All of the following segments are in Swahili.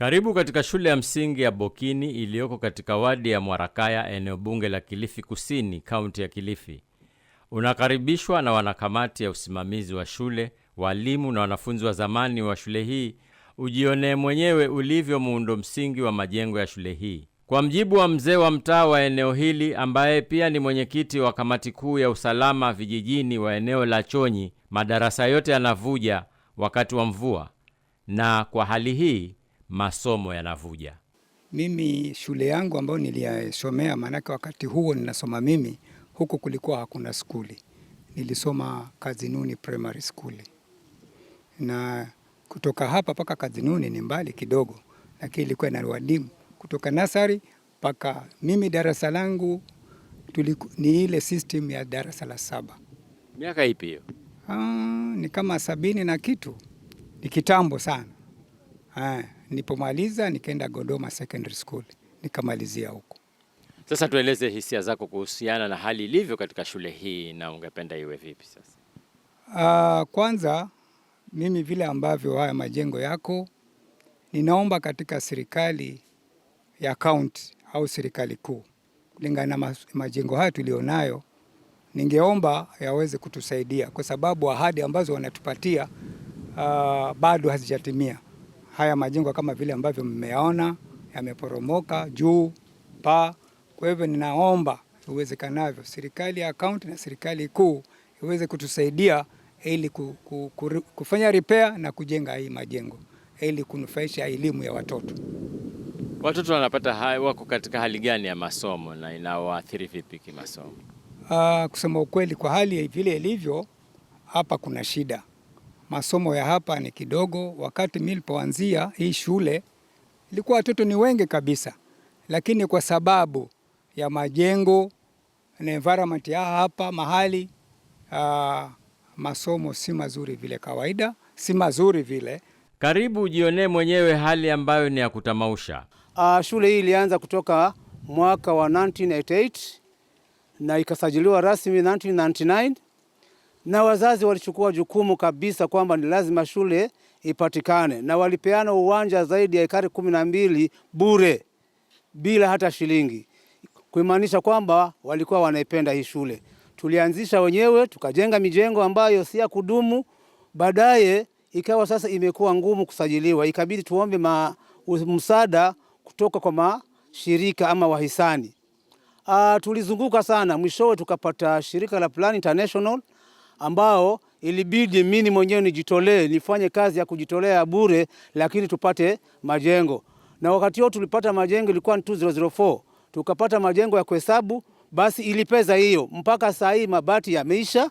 Karibu katika shule ya msingi ya Bokini iliyoko katika wadi ya Mwarakaya, eneo bunge la Kilifi Kusini, kaunti ya Kilifi. Unakaribishwa na wanakamati ya usimamizi wa shule, walimu na wanafunzi wa zamani wa shule hii, ujionee mwenyewe ulivyo muundo msingi wa majengo ya shule hii. Kwa mjibu wa mzee wa mtaa wa eneo hili ambaye pia ni mwenyekiti wa kamati kuu ya usalama vijijini wa eneo la Chonyi, madarasa yote yanavuja wakati wa mvua, na kwa hali hii masomo yanavuja? Mimi shule yangu ambayo niliyasomea, maanake wakati huo ninasoma mimi huku kulikuwa hakuna skuli, nilisoma Kazinuni Primary School na kutoka hapa mpaka Kazinuni ni mbali kidogo, lakini ilikuwa na walimu kutoka nasari mpaka mimi. Darasa langu ni ile system ya darasa la saba. Miaka ipi hiyo? Ah, ni kama sabini na kitu, ni kitambo sana nipomaliza nikaenda Godoma Secondary School nikamalizia huko. Sasa tueleze hisia zako kuhusiana na hali ilivyo katika shule hii na ungependa iwe vipi sasa? Ah, kwanza mimi vile ambavyo haya majengo yako, ninaomba katika serikali ya kaunti au serikali kuu, kulingana na majengo haya tulionayo, ningeomba yaweze kutusaidia kwa sababu ahadi ambazo wanatupatia uh, bado hazijatimia haya majengo kama vile ambavyo mmeona yameporomoka juu paa. Kwa hivyo ninaomba uwezekanavyo serikali ya kaunti na serikali kuu iweze kutusaidia ili ku, ku, ku, kufanya repair na kujenga hii majengo ili kunufaisha elimu ya watoto. Watoto wanapata hai, wako katika hali gani ya masomo na inawaathiri vipi kimasomo? Uh, kusema ukweli kwa hali vile ilivyo hapa kuna shida masomo ya hapa ni kidogo. Wakati mimi nilipoanzia hii shule ilikuwa watoto ni wengi kabisa, lakini kwa sababu ya majengo na environment ya hapa mahali uh, masomo si mazuri vile kawaida, si mazuri vile. Karibu jionee mwenyewe hali ambayo ni ya kutamausha. Uh, shule hii ilianza kutoka mwaka wa 1988 na ikasajiliwa rasmi 1999 na wazazi walichukua jukumu kabisa kwamba ni lazima shule ipatikane, na walipeana uwanja zaidi ya ekari kumi na mbili bure bila hata shilingi, kumaanisha kwamba walikuwa wanaipenda hii shule. Tulianzisha wenyewe tukajenga mijengo ambayo si ya kudumu, baadaye ikawa sasa imekuwa ngumu kusajiliwa, ikabidi tuombe msaada kutoka kwa mashirika ama wahisani. Aa, ah, tulizunguka sana, mwishowe tukapata shirika la Plan International ambao ilibidi mimi mwenyewe nijitolee nifanye kazi ya kujitolea ya bure, lakini tupate majengo. Na wakati huo tulipata majengo ilikuwa ni 2004 tukapata majengo ya kuhesabu. Basi ilipeza hiyo mpaka saa hii mabati yameisha.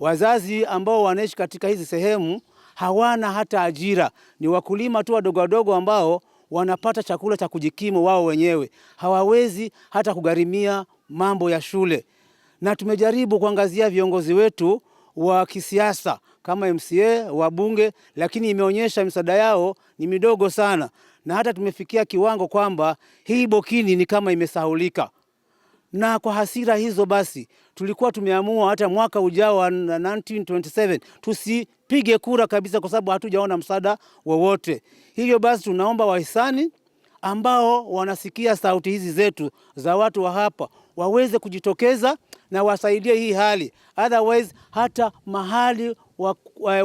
Wazazi ambao wanaishi katika hizi sehemu hawana hata ajira, ni wakulima tu wadogo wadogo ambao wanapata chakula cha kujikimu wao wenyewe, hawawezi hata kugharimia mambo ya shule. Na tumejaribu kuangazia viongozi wetu wa kisiasa kama MCA wa bunge lakini imeonyesha misaada yao ni midogo sana, na hata tumefikia kiwango kwamba hii Bokini ni kama imesahulika. Na kwa hasira hizo basi, tulikuwa tumeamua hata mwaka ujao wa 1927 tusipige kura kabisa, kwa sababu hatujaona msaada wowote. Hivyo basi, tunaomba wahisani ambao wanasikia sauti hizi zetu za watu wa hapa waweze kujitokeza na wasaidie hii hali, otherwise hata mahali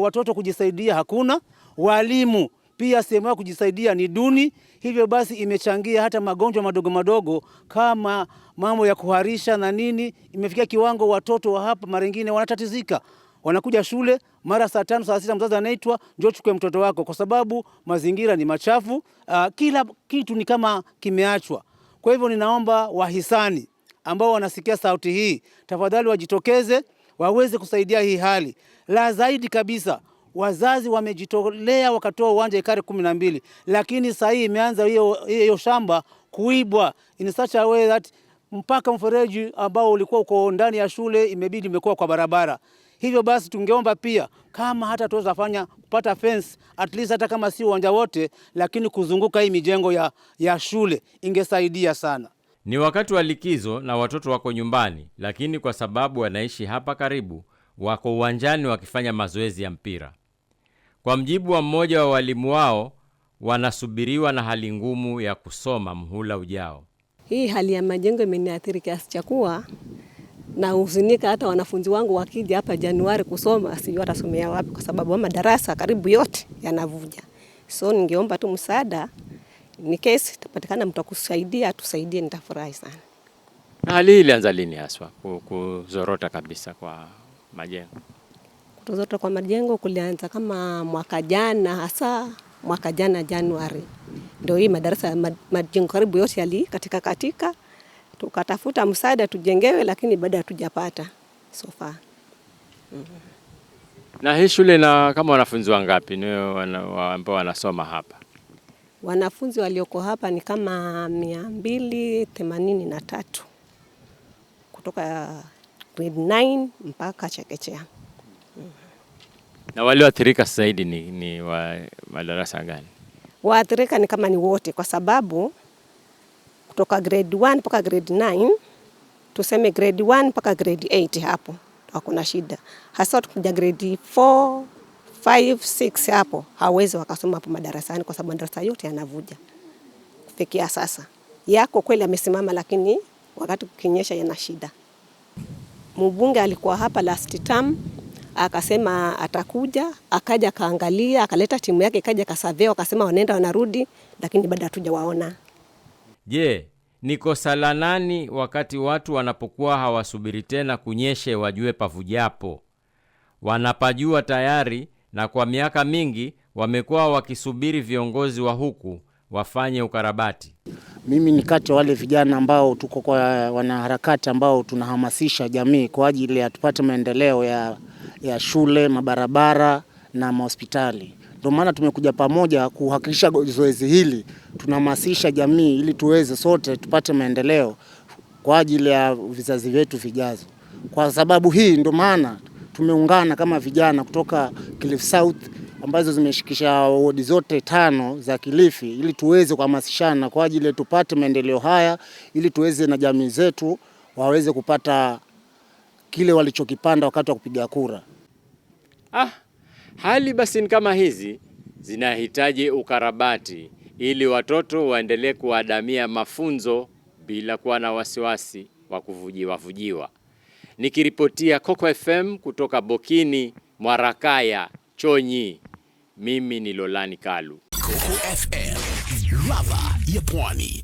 watoto kujisaidia hakuna, walimu pia sehemu ya kujisaidia ni duni. Hivyo basi imechangia hata magonjwa madogo madogo kama mambo ya kuharisha na nini, imefikia kiwango watoto wa hapa mara nyingine wanatatizika, wanakuja shule mara saa tano saa sita, mzazi anaitwa njoo chukue mtoto wako, kwa sababu mazingira ni machafu. Uh, kila kitu ni kama kimeachwa. Kwa hivyo ninaomba wahisani ambao wanasikia sauti hii, tafadhali wajitokeze waweze kusaidia hii hali. La zaidi kabisa, wazazi wamejitolea wakatoa uwanja ekari kumi na mbili, lakini saa hii imeanza hiyo shamba kuibwa in such a way that mpaka mfereji ambao ulikuwa uko ndani ya shule imebidi imekuwa kwa barabara. Hivyo basi tungeomba pia kama hata tuweza fanya kupata fence at least hata kama si uwanja wote, lakini kuzunguka hii mijengo ya, ya shule ingesaidia sana. Ni wakati wa likizo na watoto wako nyumbani, lakini kwa sababu wanaishi hapa karibu, wako uwanjani wakifanya mazoezi ya mpira. Kwa mjibu wa mmoja wa walimu wao, wanasubiriwa na hali ngumu ya kusoma mhula ujao. Hii hali ya majengo imeniathiri kiasi cha kuwa nahuzunika hata wanafunzi wangu wakija hapa Januari kusoma, sijui watasomea wapi, kwa sababu madarasa karibu yote yanavuja. So ningeomba tu msaada ni kesi itapatikana, mtu akusaidia atusaidie, nitafurahi sana. Na hali hii ilianza lini haswa kuzorota kabisa kwa majengo? Kuzorota kwa majengo kulianza kama mwaka jana, hasa mwaka jana Januari, ndio hii madarasa majengo karibu yote yali katika katika, tukatafuta msaada tujengewe, lakini bado hatujapata so far. mm Na hii shule na kama wanafunzi wangapi ni ambao wanasoma hapa? Wanafunzi walioko hapa ni kama mia mbili themanini na tatu kutoka grade 9 mpaka chekechea. Mm-hmm. Na walioathirika zaidi ni, ni wa madarasa gani? Waathirika ni kama ni wote, kwa sababu kutoka grade 1 mpaka grade 9, tuseme grade 1 mpaka grade 8 hapo hakuna shida, hasa tukija grade 4 5 6 hapo hawezi wakasoma hapo madarasani, kwa sababu madarasa yote yanavuja kufikia sasa. Yako kweli amesimama, lakini wakati kukinyesha yana shida. Mbunge alikuwa hapa last term akasema atakuja, akaja kaangalia, akaleta timu yake ikaja kasave, wakasema wanaenda wanarudi, lakini bado hatujawaona. Je, ni kosa la nani wakati watu wanapokuwa hawasubiri tena kunyeshe wajue pavujapo? Wanapajua tayari na kwa miaka mingi wamekuwa wakisubiri viongozi wa huku wafanye ukarabati. Mimi ni kati ya wale vijana ambao tuko kwa wanaharakati ambao tunahamasisha jamii kwa ajili ya tupate maendeleo ya, ya shule, mabarabara na mahospitali. Ndio maana tumekuja pamoja kuhakikisha zoezi hili, tunahamasisha jamii ili tuweze sote tupate maendeleo kwa ajili ya vizazi vyetu vijazo. Kwa sababu hii ndio maana tumeungana kama vijana kutoka Kilifi South ambazo zimeshikisha wodi zote tano za Kilifi ili tuweze kuhamasishana kwa ajili ya tupate maendeleo haya, ili tuweze na jamii zetu waweze kupata kile walichokipanda wakati wa kupiga kura. Ah, hali basi ni kama hizi zinahitaji ukarabati ili watoto waendelee kuadamia mafunzo bila kuwa na wasiwasi wa kuvujiwavujiwa. Nikiripotia Coco FM kutoka Bokini Mwarakaya, Chonyi. Mimi ni Lolani Kalu, Coco FM, ladha ya Pwani.